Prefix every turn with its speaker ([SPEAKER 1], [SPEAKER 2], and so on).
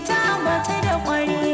[SPEAKER 1] ta bata da kwari